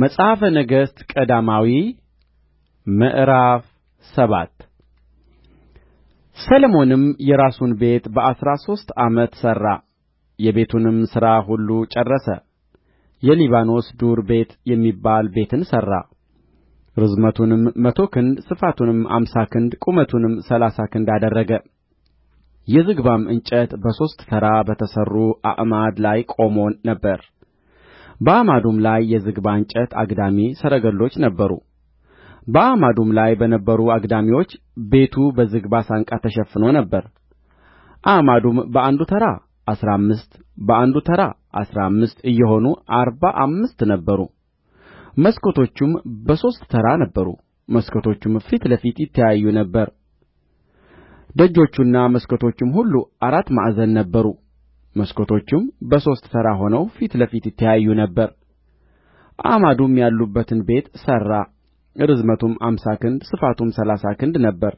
መጽሐፈ ነገሥት ቀዳማዊ ምዕራፍ ሰባት ሰሎሞንም የራሱን ቤት በአሥራ ሦስት ዓመት ሠራ የቤቱንም ሥራ ሁሉ ጨረሰ የሊባኖስ ዱር ቤት የሚባል ቤትን ሠራ ርዝመቱንም መቶ ክንድ ስፋቱንም አምሳ ክንድ ቁመቱንም ሠላሳ ክንድ አደረገ የዝግባም እንጨት በሦስት ተራ በተሠሩ አዕማድ ላይ ቆሞ ነበር በአዕማዱም ላይ የዝግባ እንጨት አግዳሚ ሰረገሎች ነበሩ በአዕማዱም ላይ በነበሩ አግዳሚዎች ቤቱ በዝግባ ሳንቃ ተሸፍኖ ነበር አዕማዱም በአንዱ ተራ አሥራ አምስት በአንዱ ተራ አሥራ አምስት እየሆኑ አርባ አምስት ነበሩ መስኮቶቹም በሦስት ተራ ነበሩ መስኮቶቹም ፊት ለፊት ይተያዩ ነበር ደጆቹና መስኮቶቹም ሁሉ አራት ማዕዘን ነበሩ መስኮቶቹም በሦስት ተራ ሆነው ፊት ለፊት ይተያዩ ነበር አዕማዱም ያሉበትን ቤት ሠራ ርዝመቱም አምሳ ክንድ ስፋቱም ሠላሳ ክንድ ነበረ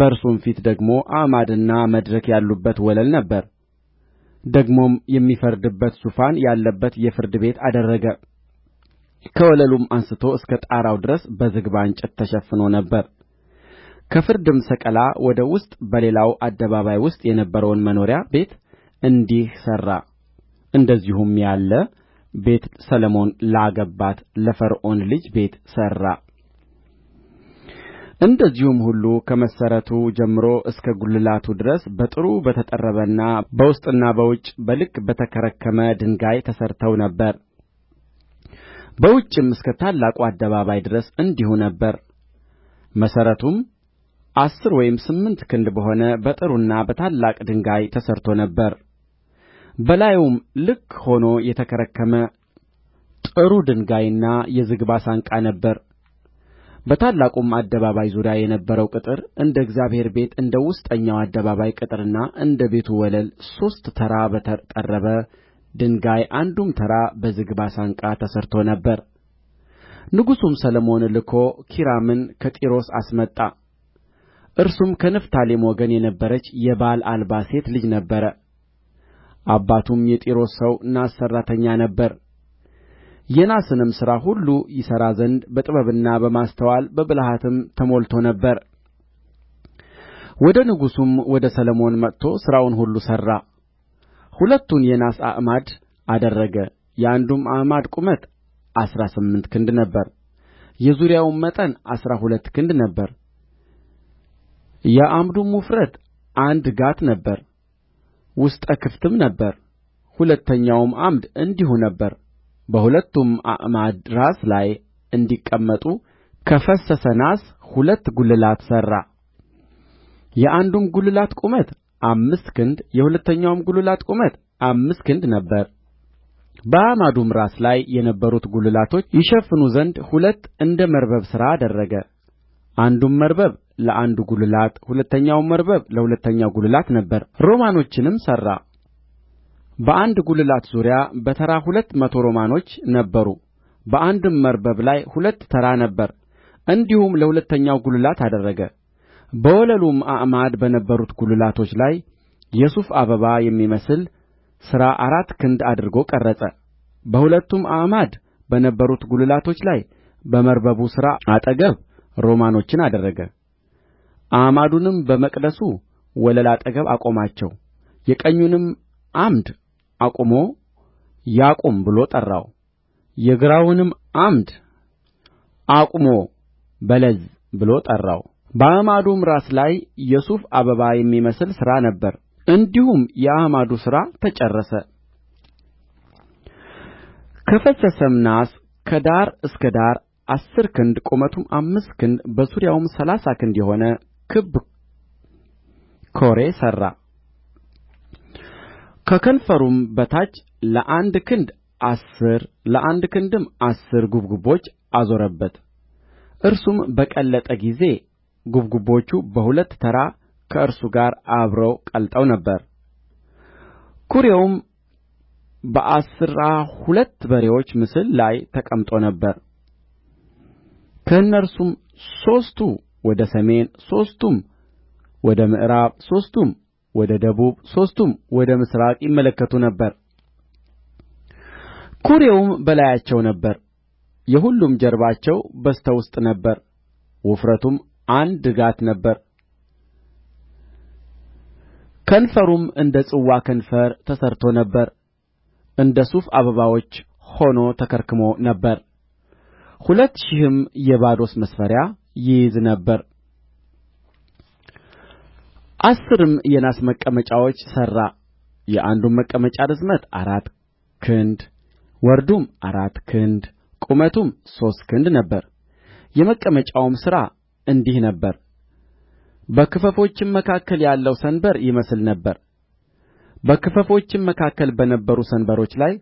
በእርሱም ፊት ደግሞ አዕማድና መድረክ ያሉበት ወለል ነበረ ደግሞም የሚፈርድበት ዙፋን ያለበት የፍርድ ቤት አደረገ ከወለሉም አንስቶ እስከ ጣራው ድረስ በዝግባ እንጨት ተሸፍኖ ነበር ከፍርድም ሰቀላ ወደ ውስጥ በሌላው አደባባይ ውስጥ የነበረውን መኖሪያ ቤት እንዲህ ሠራ እንደዚሁም ያለ ቤት ሰሎሞን ላገባት ለፈርዖን ልጅ ቤት ሠራ እንደዚሁም ሁሉ ከመሠረቱ ጀምሮ እስከ ጕልላቱ ድረስ በጥሩ በተጠረበና በውስጥና በውጭ በልክ በተከረከመ ድንጋይ ተሠርተው ነበር በውጭም እስከ ታላቁ አደባባይ ድረስ እንዲሁ ነበር። መሠረቱም አሥር ወይም ስምንት ክንድ በሆነ በጥሩና በታላቅ ድንጋይ ተሠርቶ ነበር። በላዩም ልክ ሆኖ የተከረከመ ጥሩ ድንጋይና የዝግባ ሳንቃ ነበረ በታላቁም አደባባይ ዙሪያ የነበረው ቅጥር እንደ እግዚአብሔር ቤት እንደ ውስጠኛው አደባባይ ቅጥርና እንደ ቤቱ ወለል ሦስት ተራ በተጠረበ ድንጋይ አንዱም ተራ በዝግባ ሳንቃ ተሠርቶ ነበር ንጉሡም ሰሎሞን ልኮ ኪራምን ከጢሮስ አስመጣ እርሱም ከንፍታሌም ወገን የነበረች የባል አልባ ሴት ልጅ ነበረ አባቱም የጢሮስ ሰው ናስ ሠራተኛ ነበረ የናስንም ሥራ ሁሉ ይሠራ ዘንድ በጥበብና በማስተዋል በብልሃትም ተሞልቶ ነበር ወደ ንጉሡም ወደ ሰሎሞን መጥቶ ሥራውን ሁሉ ሠራ ሁለቱን የናስ አዕማድ አደረገ የአንዱም አዕማድ ቁመት አሥራ ስምንት ክንድ ነበር የዙሪያውም መጠን አሥራ ሁለት ክንድ ነበር የዓምዱም ውፍረት አንድ ጋት ነበር ውስጠ ክፍትም ነበረ ሁለተኛውም ዓምድ እንዲሁ ነበረ በሁለቱም አዕማድ ራስ ላይ እንዲቀመጡ ከፈሰሰ ናስ ሁለት ጕልላት ሠራ የአንዱም ጕልላት ቁመት አምስት ክንድ የሁለተኛውም ጕልላት ቁመት አምስት ክንድ ነበረ በአዕማዱም ራስ ላይ የነበሩት ጕልላቶች ይሸፍኑ ዘንድ ሁለት እንደ መርበብ ሥራ አደረገ አንዱም መርበብ ለአንዱ ጕልላት ሁለተኛውም መርበብ ለሁለተኛው ጕልላት ነበረ ሮማኖችንም ሠራ በአንድ ጕልላት ዙሪያ በተራ ሁለት መቶ ሮማኖች ነበሩ በአንድም መርበብ ላይ ሁለት ተራ ነበረ እንዲሁም ለሁለተኛው ጕልላት አደረገ በወለሉም አዕማድ በነበሩት ጕልላቶች ላይ የሱፍ አበባ የሚመስል ሥራ አራት ክንድ አድርጎ ቀረጸ በሁለቱም አዕማድ በነበሩት ጕልላቶች ላይ በመርበቡ ሥራ አጠገብ ሮማኖችን አደረገ አዕማዱንም በመቅደሱ ወለል አጠገብ አቆማቸው የቀኙንም ዓምድ አቁሞ ያቁም ብሎ ጠራው የግራውንም ዓምድ አቁሞ በለዝ ብሎ ጠራው በአዕማዱም ራስ ላይ የሱፍ አበባ የሚመስል ሥራ ነበር እንዲሁም የአዕማዱ ሥራ ተጨረሰ ከፈሰሰም ናስ ከዳር እስከ ዳር አሥር ክንድ ቁመቱም አምስት ክንድ በዙሪያውም ሠላሳ ክንድ የሆነ ክብ ኵሬ ሠራ ከከንፈሩም በታች ለአንድ ክንድ አሥር ለአንድ ክንድም አሥር ጉብጉቦች አዞረበት እርሱም በቀለጠ ጊዜ ጉብጉቦቹ በሁለት ተራ ከእርሱ ጋር አብረው ቀልጠው ነበር ኵሬውም በአሥራ ሁለት በሬዎች ምስል ላይ ተቀምጦ ነበር ከእነርሱም ሦስቱ ወደ ሰሜን ሦስቱም ወደ ምዕራብ ሦስቱም ወደ ደቡብ ሦስቱም ወደ ምሥራቅ ይመለከቱ ነበር ኵሬውም በላያቸው ነበረ የሁሉም ጀርባቸው በስተ ውስጥ ነበረ ውፍረቱም አንድ ጋት ነበረ ከንፈሩም እንደ ጽዋ ከንፈር ተሠርቶ ነበር እንደ ሱፍ አበባዎች ሆኖ ተከርክሞ ነበር ሁለት ሺህም የባዶስ መስፈሪያ ይይዝ ነበር አሥርም የናስ መቀመጫዎች ሠራ የአንዱም መቀመጫ ርዝመት አራት ክንድ ወርዱም አራት ክንድ ቁመቱም ሦስት ክንድ ነበረ የመቀመጫውም ሥራ እንዲህ ነበረ በክፈፎችም መካከል ያለው ሰንበር ይመስል ነበር በክፈፎችም መካከል በነበሩ ሰንበሮች ላይ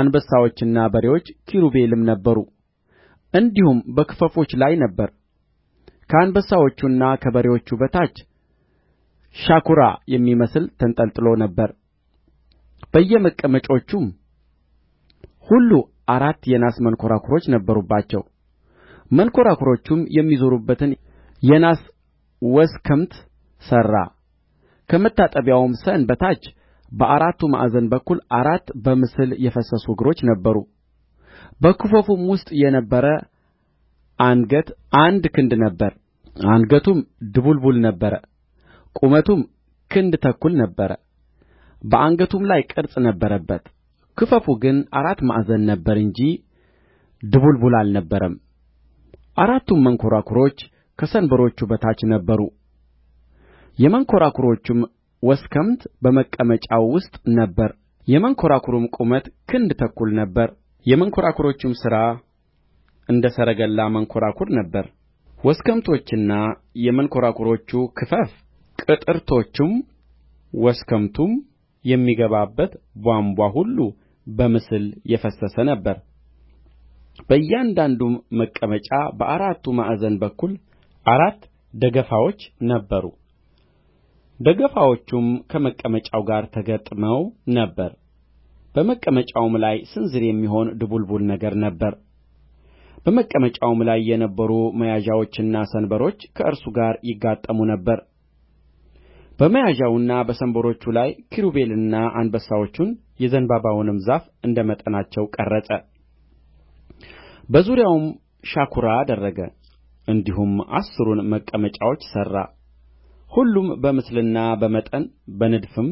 አንበሳዎችና በሬዎች ኪሩቤልም ነበሩ እንዲሁም በክፈፎች ላይ ነበረ ከአንበሳዎቹና ከበሬዎቹ በታች ሻኵራ የሚመስል ተንጠልጥሎ ነበር በየመቀመጫዎቹም ሁሉ አራት የናስ መንኰራኵሮች ነበሩባቸው መንኰራኵሮቹም የሚዞሩበትን የናስ ወስከምት ሠራ ከመታጠቢያውም ሰን በታች በአራቱ ማዕዘን በኩል አራት በምስል የፈሰሱ እግሮች ነበሩ በክፈፉም ውስጥ የነበረ አንገት አንድ ክንድ ነበረ አንገቱም ድቡልቡል ነበረ ቁመቱም ክንድ ተኩል ነበረ በአንገቱም ላይ ቅርጽ ነበረበት ክፈፉ ግን አራት ማዕዘን ነበረ እንጂ ድቡልቡል አልነበረም አራቱም መንኰራኵሮች ከሰንበሮቹ በታች ነበሩ የመንኰራኵሮቹም ወስከምት በመቀመጫው ውስጥ ነበረ የመንኰራኵሩም ቁመት ክንድ ተኩል ነበረ የመንኰራኵሮቹም ሥራ እንደ ሰረገላ መንኰራኵር ነበረ ወስከምቶችና የመንኰራኵሮቹ ክፈፍ ቅትርቶቹም ወስከምቱም የሚገባበት ቧንቧ ሁሉ በምስል የፈሰሰ ነበር በእያንዳንዱም መቀመጫ በአራቱ ማዕዘን በኩል አራት ደገፋዎች ነበሩ ደገፋዎቹም ከመቀመጫው ጋር ተገጥመው ነበር በመቀመጫውም ላይ ስንዝር የሚሆን ድቡልቡል ነገር ነበረ በመቀመጫውም ላይ የነበሩ መያዣዎችና ሰንበሮች ከእርሱ ጋር ይጋጠሙ ነበር በመያዣውና በሰንበሮቹ ላይ ኪሩቤልንና አንበሳዎቹን የዘንባባውንም ዛፍ እንደ መጠናቸው ቀረጸ በዙሪያውም ሻኵራ አደረገ እንዲሁም አሥሩን መቀመጫዎች ሠራ ሁሉም በምስልና በመጠን በንድፍም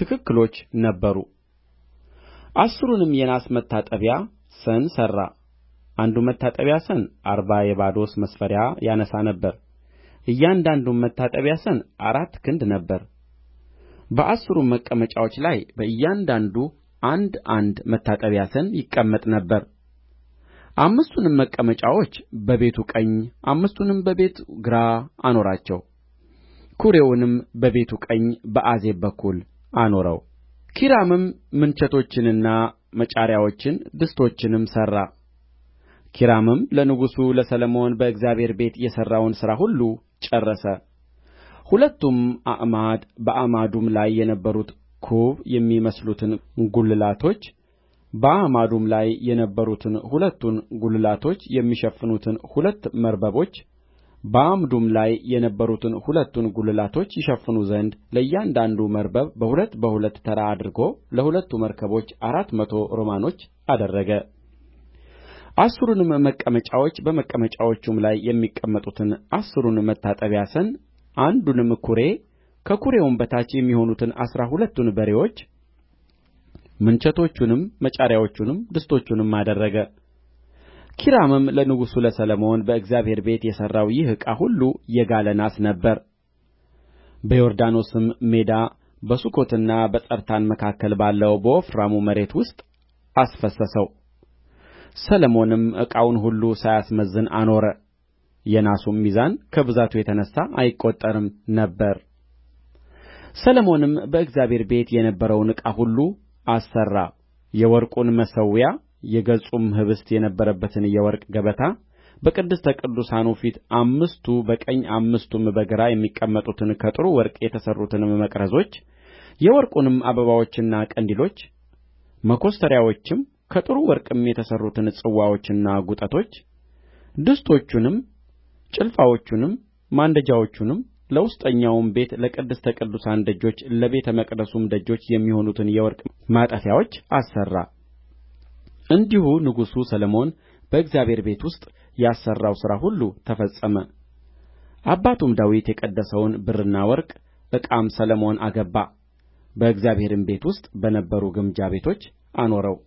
ትክክሎች ነበሩ አሥሩንም የናስ መታጠቢያ ሰን ሠራ አንዱ መታጠቢያ ሰን አርባ የባዶስ መስፈሪያ ያነሣ ነበር እያንዳንዱም መታጠቢያ ሰን አራት ክንድ ነበረ በአሥሩም መቀመጫዎች ላይ በእያንዳንዱ አንድ አንድ መታጠቢያ ሰን ይቀመጥ ነበር አምስቱንም መቀመጫዎች በቤቱ ቀኝ አምስቱንም በቤቱ ግራ አኖራቸው ኵሬውንም በቤቱ ቀኝ በአዜብ በኩል አኖረው ኪራምም ምንቸቶችንና መጫሪያዎችን ድስቶችንም ሠራ ኪራምም ለንጉሡ ለሰሎሞን በእግዚአብሔር ቤት የሠራውን ሥራ ሁሉ ጨረሰ ሁለቱም አዕማድ በአዕማዱም ላይ የነበሩት ኩብ የሚመስሉትን ጕልላቶች በአዕማዱም ላይ የነበሩትን ሁለቱን ጕልላቶች የሚሸፍኑትን ሁለት መርበቦች በአምዱም ላይ የነበሩትን ሁለቱን ጕልላቶች ይሸፍኑ ዘንድ ለእያንዳንዱ መርበብ በሁለት በሁለት ተራ አድርጎ ለሁለቱ መርበቦች አራት መቶ ሮማኖች አደረገ አሥሩንም መቀመጫዎች በመቀመጫዎቹም ላይ የሚቀመጡትን አሥሩን መታጠቢያ ሰን አንዱንም ኵሬ ከኵሬውም በታች የሚሆኑትን አሥራ ሁለቱን በሬዎች ምንቸቶቹንም መጫሪያዎቹንም ድስቶቹንም አደረገ ኪራምም ለንጉሡ ለሰሎሞን በእግዚአብሔር ቤት የሠራው ይህ ዕቃ ሁሉ የጋለ ናስ ነበረ በዮርዳኖስም ሜዳ በሱኮትና በጸርታን መካከል ባለው በወፍራሙ መሬት ውስጥ አስፈሰሰው ሰሎሞንም ዕቃውን ሁሉ ሳያስመዝን አኖረ የናሱም ሚዛን ከብዛቱ የተነሣ አይቈጠርም ነበር ሰሎሞንም በእግዚአብሔር ቤት የነበረውን ዕቃ ሁሉ አሠራ የወርቁን መሠዊያ የገጹም ኅብስት የነበረበትን የወርቅ ገበታ በቅድስተ ቅዱሳኑ ፊት አምስቱ በቀኝ አምስቱም በግራ የሚቀመጡትን ከጥሩ ወርቅ የተሠሩትንም መቅረዞች የወርቁንም አበባዎችና ቀንዲሎች መኰስተሪያዎችም ከጥሩ ወርቅም የተሠሩትን ጽዋዎችና ጕጠቶች ድስቶቹንም ጭልፋዎቹንም ማንደጃዎቹንም ለውስጠኛውም ቤት ለቅድስተ ቅዱሳን ደጆች ለቤተ መቅደሱም ደጆች የሚሆኑትን የወርቅ ማጠፊያዎች አሠራ እንዲሁ ንጉሡ ሰሎሞን በእግዚአብሔር ቤት ውስጥ ያሠራው ሥራ ሁሉ ተፈጸመ አባቱም ዳዊት የቀደሰውን ብርና ወርቅ ዕቃም ሰሎሞን አገባ በእግዚአብሔርም ቤት ውስጥ በነበሩ ግምጃ ቤቶች አኖረው